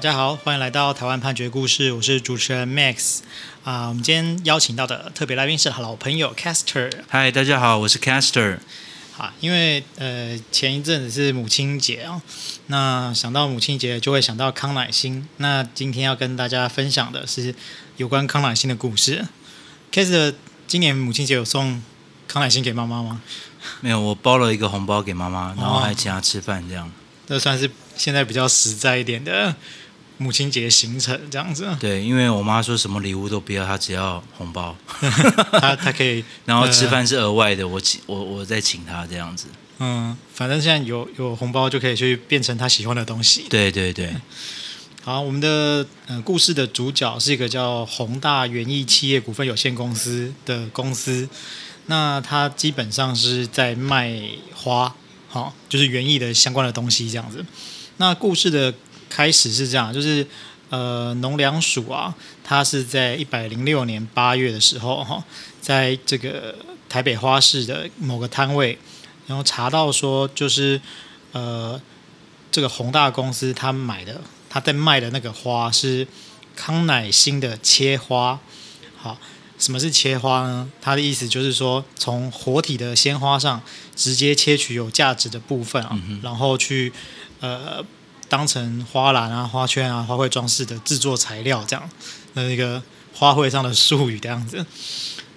大家好，歡迎來到台灣判決故事，我是主持人 Max 啊。我、uh, 們今天邀請到的特別來賓是老朋友 Castor。嗨，大家好，我是 Castor。好，因為呃前一陣子是母親節啊、哦，那想到母親節就會想到康乃馨。那今天要跟大家分享的是有關康乃馨的故事。Castor 今年母親節有送康乃馨給媽媽嗎？沒有，我包了一個紅包給媽媽，然後還請她吃飯，這樣。哦、這算是現在比較實在一點的。母親節行程這樣子，對，因為我媽說什麼禮物都不要，她只要紅包， 她她可以，然後吃飯是額外的，呃、我請我我再請她這樣子。嗯，反正現在有有紅包就可以去變成她喜歡的東西。對對對。好，我們的、呃、故事的主角是一個叫弘大園藝企業股份有限公司的公司，那他基本上是在賣花，好、哦，就是園藝的相關的東西這樣子。那故事的。開始是這樣，就是呃，農糧署啊，它是在一百零六年八月的時候，哈、哦，在這個台北花市的某個攤位，然後查到說，就是呃，這個弘大公司他買的，他在賣的那個花是康乃馨的切花。好、哦，什麼是切花呢？它的意思就是說，從活體的鮮花上直接切取有價值的部分啊、嗯，然後去呃。當成花籃啊、花圈啊、花卉裝飾的制作材料這樣的一個花卉上的術語的樣子。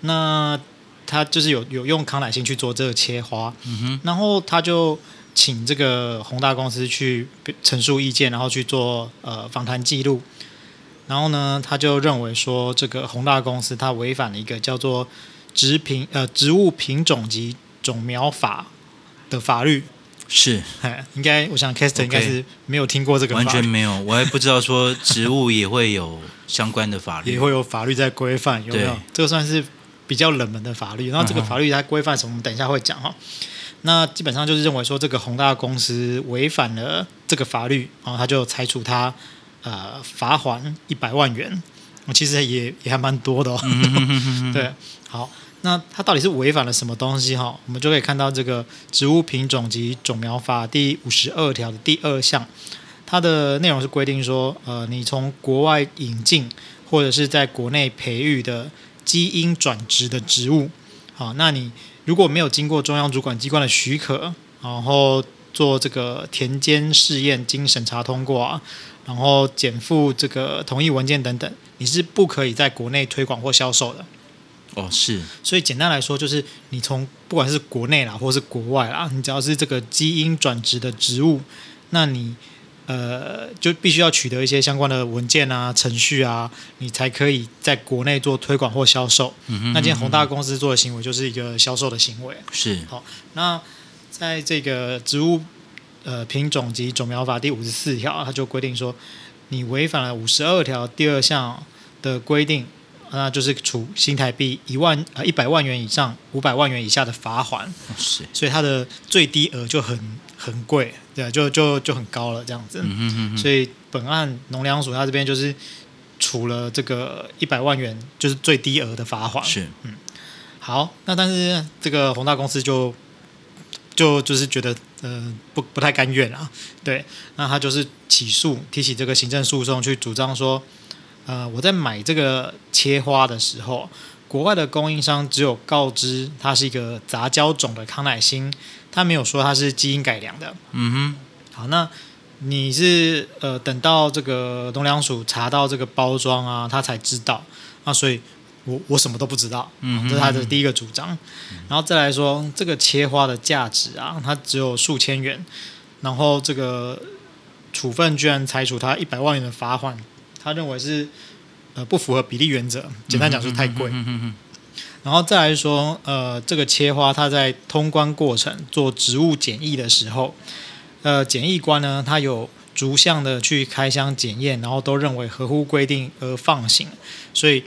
那他就是有有用康乃馨去做這個切花、嗯哼，然後他就請這個宏大公司去陳述意見，然後去做呃訪談記錄。然後呢，他就認為說這個宏大公司它違反了一個叫做《植品呃植物品種及種苗法》的法律。是，應該我想，Castor、okay, 應該是沒有聽過這個法律，完全沒有，我還不知道說，植物也會有相關的法律， 也會有法律在規範，有沒有？這個算是比較冷門的法律，然後這個法律在規範什麼，我們等一下會講哈、嗯嗯。那基本上就是認為說，這個弘大公司違反了這個法律，然後他就裁處他呃罰款一百萬元，我其實也也還蠻多的、哦嗯哼哼哼哼哼，對，好。那它到底是違反了什麼東西哈？我們就可以看到這個《植物品種及種苗法》第五十二條的第二項，它的內容是規定說，呃，你從國外引進或者是在國內培育的基因轉殖的植物，好，那你如果沒有經過中央主管機關的許可，然後做這個田間試驗經審查通過，然後減負這個同意文件等等，你是不可以在國內推廣或銷售的。哦，是。所以簡單來說，就是你從不管是國內啦，或是國外啦，你只要是這個基因轉殖的植物，那你呃就必須要取得一些相關的文件啊、程序啊，你才可以在國內做推廣或銷售。嗯哼嗯哼。那今天弘大公司做的行為就是一個銷售的行為。是。好，那在這個植物呃品種及種苗法第五十四條，它就規定說，你違反了五十二條第二項的規定。那就是處新台幣一萬啊一百萬元以上五百萬元以下的罰鍰，是、oh，所以它的最低額就很很貴，對，就就就很高了這樣子，mm、-hmm -hmm -hmm. 所以本案農糧署它這邊就是處了這個一百萬元，就是最低額的罰鍰，是、oh，嗯。好，那但是這個弘大公司就就就是覺得嗯、呃，不不太甘願啊，對，那他就是起訴提起這個行政訴訟去主張說。呃，我在買這個切花的時候，國外的供應商只有告知它是一個雜交種的康乃馨，他沒有說它是基因改良的。嗯哼。好，那你是呃等到這個農糧署查到這個包裝啊，他才知道。那所以我，我我什麼都不知道。嗯，這是他的第一個主張、嗯。然後再來說這個切花的價值啊，它只有數千元，然後這個處分居然裁處他一百萬元的罰鍰。他認為是，呃，不符合比例原則。簡單講是太貴，嗯嗯嗯。然後再來說，呃，這個切花，它在通關過程做植物檢疫的時候，呃，檢疫官呢，他有逐項的去開箱檢驗，然後都認為合乎規定而放行。所以，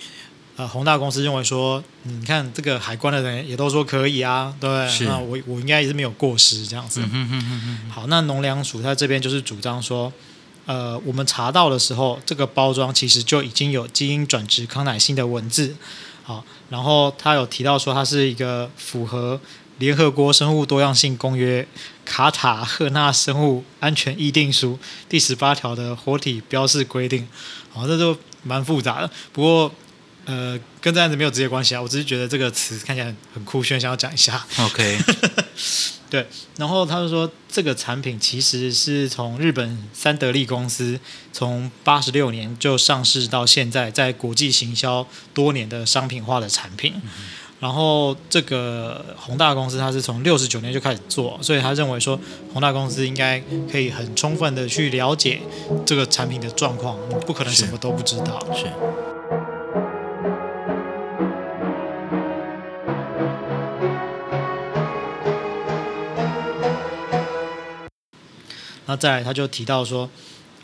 呃，弘大公司認為說，嗯，你看這個海關的人也都說可以啊，對，是那我我應該也是沒有過失這樣子。嗯哼嗯哼嗯哼，好，那農糧署他這邊就是主張說。呃，我們查到的時候，這個包裝其實就已經有基因轉殖康乃馨的文字，好、啊，然後他有提到說，它是一個符合聯合國生物多樣性公約、卡塔赫納生物安全議定書第十八條的活體標示規定，好、啊，這就蠻複雜的。不過，呃，跟這案子沒有直接關係啊，我只是覺得這個詞看起來很很酷炫，想要講一下。OK。 對，然後他就說，這個產品其實是從日本三得利公司從八十六年就上市到現在，在國際行銷多年的商品化的產品。嗯、然後這個弘大公司他是從六十九年就開始做，所以他認為說，弘大公司應該可以很充分的去了解這個產品的狀況，不可能什麼都不知道。是。是再來，他就提到說、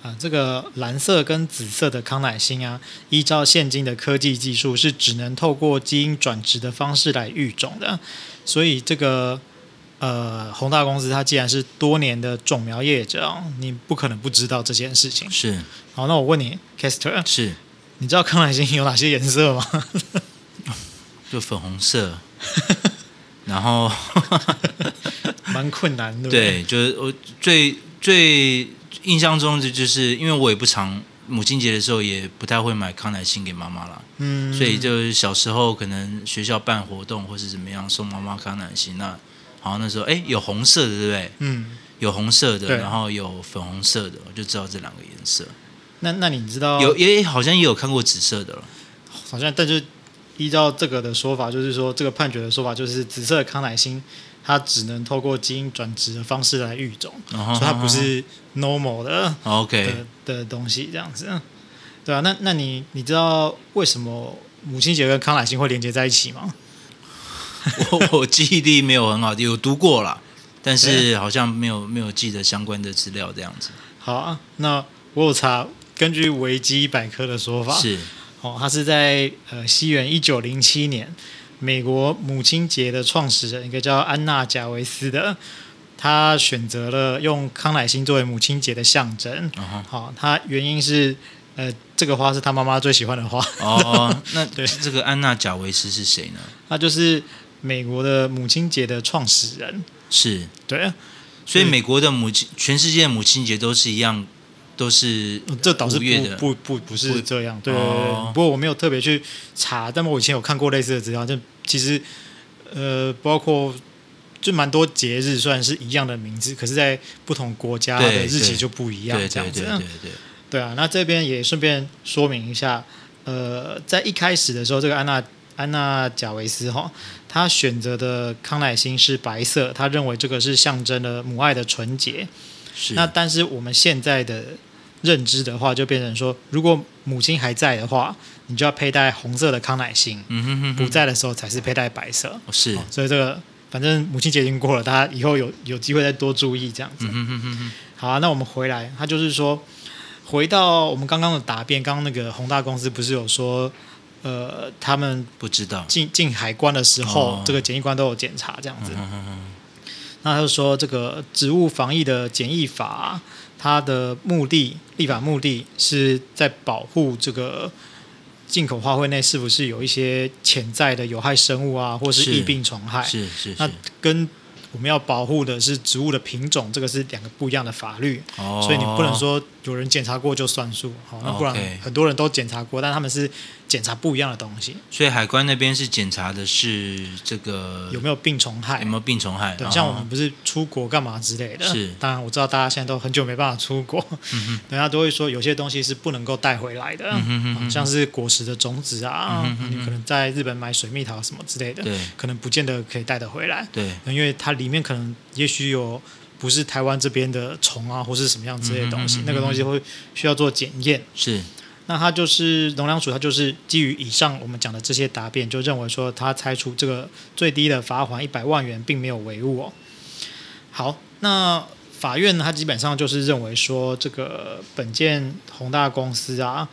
呃，這個藍色跟紫色的康乃馨啊，依照現今的科技技術，是只能透過基因轉殖的方式來育種的。所以，這個呃，弘大公司它既然是多年的種苗業者、哦，你不可能不知道這件事情。是。好，那我問你，Castor，是，你知道康乃馨有哪些顏色嗎？ 就粉紅色。 然後，蠻 困難的。對，就是我最。最印象中的就是，因為我也不常母親節的時候也不太會買康乃馨給媽媽啦，嗯，所以就小時候可能學校辦活動或是怎麼樣送媽媽康乃馨那，好像那時候哎、欸、有紅色的對不對？嗯，有紅色的，然後有粉紅色的，我就知道這兩個顏色。那那你知道有？也、欸、好像也有看過紫色的了，好像，但就依照這個的說法，就是說這個判決的說法，就是紫色康乃馨。它只能透過基因轉殖的方式來育種，哦、所以它不是 normal 的、哦的哦、OK 的，的東西這樣子，對啊？那那你你知道為什麼母親節跟康乃馨會連接在一起嗎？我我記憶力沒有很好， 有讀過啦，但是好像沒有沒有記得相關的資料這樣子。好啊，那我有查，根據維基百科的說法是哦，他是在呃西元一九零七年。美國母親節的創始人，一個叫安娜·賈維斯的，他選擇了用康乃馨作為母親節的象徵。好、uh -huh. 哦，他原因是，呃，這個花是他媽媽最喜歡的花。哦、oh -oh. 那對這個安娜·賈維斯是誰呢？那就是美國的母親節的創始人。是，對啊，所以美國的母親，全世界的母親節都是一樣。都是的、嗯、這倒是不不不不是這樣，對、哦，不過我沒有特別去查，但我以前有看過類似的資料，就其實呃包括就蠻多節日，雖然是一樣的名字，可是在不同國家的日期就不一樣，對對這樣子對對對、對、對、對啊。那這邊也順便說明一下，呃，在一開始的時候，這個安娜安娜賈維斯哈、哦，她選擇的康乃馨是白色，她認為這個是象徵了母愛的純潔。是那但是我們現在的。認知的話，就變成說，如果母親還在的話，你就要佩戴紅色的康乃馨。嗯，不在的時候，才是佩戴白色。哦、是、哦，所以這個反正母親節已經過了，大家以後有有機會再多注意這樣子、嗯哼哼哼哼。好啊，那我們回來，他就是說，回到我們剛剛的答辯，剛剛那個弘大公司不是有說，呃，他們不知道進進海關的時候、哦，這個檢疫官都有檢查這樣子、嗯哼哼哼。那他就說，這個植物防疫的檢疫法。它的目的，立法目的是在保護這個進口花卉內是不是有一些潛在的有害生物啊，或是疫病蟲害？是是，是，是。那跟我們要保護的是植物的品種，這個是兩個不一樣的法律。哦。所以你不能說有人檢查過就算數，好，那不然很多人都檢查過，Okay. 但他們是。檢查不一樣的東西，所以海關那邊是檢查的是這個有沒有病蟲害，有沒有病蟲害。對，哦、像我們不是出國幹嘛之類的。是，當然我知道大家現在都很久沒辦法出國，嗯、大家都會說有些東西是不能夠帶回來的嗯哼嗯哼、啊，像是果實的種子啊，嗯哼嗯哼，你可能在日本買水蜜桃什麼之類的，嗯哼嗯哼，可能不見得可以帶得回來。對，因為它裡面可能也許有不是台灣這邊的蟲啊，或是什麼樣子之類的東西嗯哼嗯哼，那個東西會需要做檢驗。是。那他就是農糧署，它就是基於以上我們講的這些答辯，就認為說他裁處這個最低的罰鍰一百萬元，並沒有違誤。哦。好，那法院他基本上就是認為說，這個本件弘大公司啊，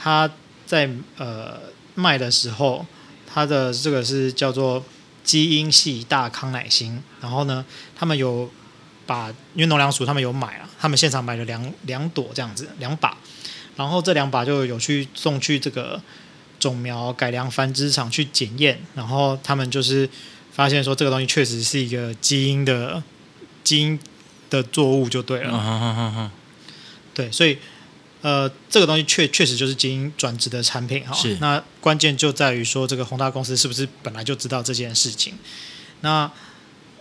他在呃賣的時候，他的這個是叫做基因系大康乃馨，然後呢，他們有把，因為農糧署他們有買啊，他們現場買了兩兩朵這樣子，兩把。然後這兩把就有去送去這個種苗改良繁殖場去檢驗，然後他們就是發現說這個東西確實是一個基因的基因的作物就對了，啊、哈哈哈哈對，所以呃這個東西確確實就是基因轉殖的產品哈、哦。是。那關鍵就在於說這個弘大公司是不是本來就知道這件事情？那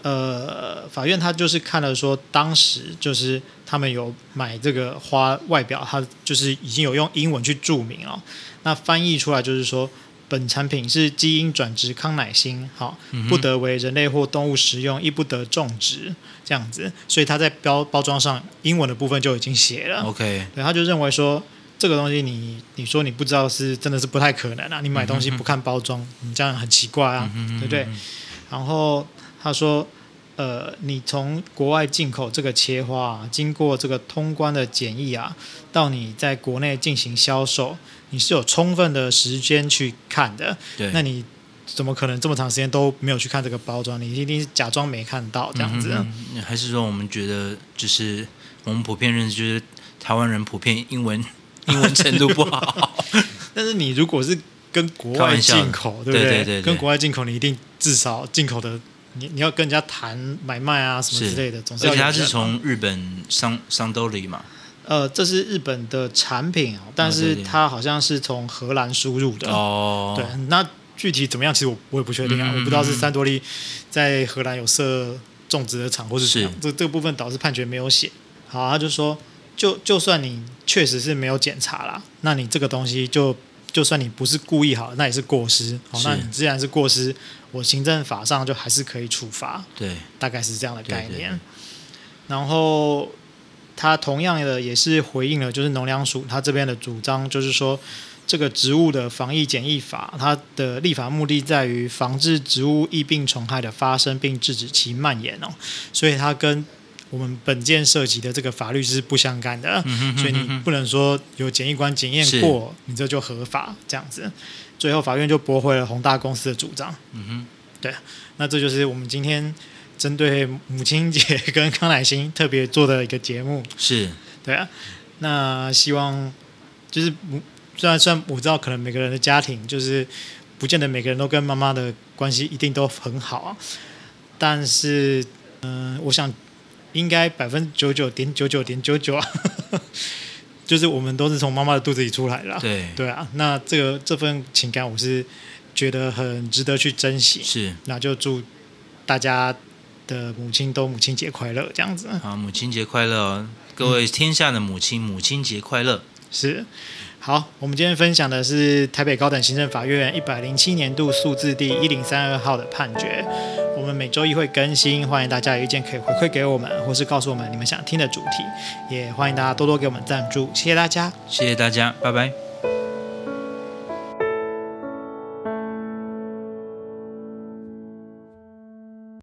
呃，法院他就是看了說，當時就是他們有買這個花，外表它就是已經有用英文去註明了。那翻譯出來就是說，本產品是基因轉殖康乃馨，好，不得為人類或動物食用，亦不得種植，這樣子。所以他在標包裝上英文的部分就已經寫了。OK，對，他就認為說，這個東西你你說你不知道是真的是不太可能啊，你買東西不看包裝，你、嗯嗯、這樣很奇怪啊、嗯哼哼哼，對不對？然後。他說：“呃，你從國外進口這個切花啊，經過這個通關的檢疫啊，到你在國內進行銷售，你是有充分的時間去看的。對，那你怎麼可能這麼長時間都沒有去看這個包裝？你一定是假裝沒看到這樣子。嗯，嗯。還是說我們覺得就是我們普遍認識，就是台灣人普遍英文英文程度不好。 但是你如果是跟國外進口，對不對？對，對，對，對。跟國外進口，你一定至少進口的。”你你要跟人家談買賣啊，什麼之類的，總之要，而且他是從日本商商多利嘛，呃，這是日本的產品啊，但是它好像是從荷蘭輸入的哦，對，那具體怎麼樣，其實我我也不確定啊，嗯嗯嗯，我不知道是三多利在荷蘭有設種植的廠，或是怎麼樣，這這個部分導致判決沒有寫。好，他就說，就就算你確實是沒有檢查啦，那你這個東西就。就算你不是故意好，那也是過失。好、哦，那你既然是過失，我行政法上就還是可以處罰。對，大概是這樣的概念。對對對，然後他同樣的也是回應了，就是農糧署他這邊的主張，就是說這個植物的防疫檢疫法，它的立法目的在於防治植物疫病蟲害的發生，並制止其蔓延哦。所以它跟我們本件涉及的這個法律是不相干的。嗯、哼哼哼哼，所以你不能說有檢疫官檢驗過，你這就合法這樣子。最後法院就駁回了弘大公司的主張。嗯哼，對。那這就是我們今天針對母親節跟康乃馨特別做的一個節目。是對啊。那希望就是，雖然雖然我知道可能每個人的家庭就是不見得每個人都跟媽媽的關係一定都很好啊，但是嗯、呃，我想。應該百分之九九點九九點九九啊，就是我們都是從媽媽的肚子裡出來的，啊。對，對啊，那這個這份情感我是覺得很值得去珍惜。是，那就祝大家的母親都母親節快樂，這樣子。啊，母親節快樂，各位天下的母親，嗯，母親節快樂。是，好，我們今天分享的是台北高等行政法院一百零七年度訴字第一零三二號的判決。我們每週一會更新，歡迎大家有意見可以回饋給我們，或是告訴我們你們想聽的主題，也歡迎大家多多給我們贊助，謝謝大家，謝謝大家，拜拜。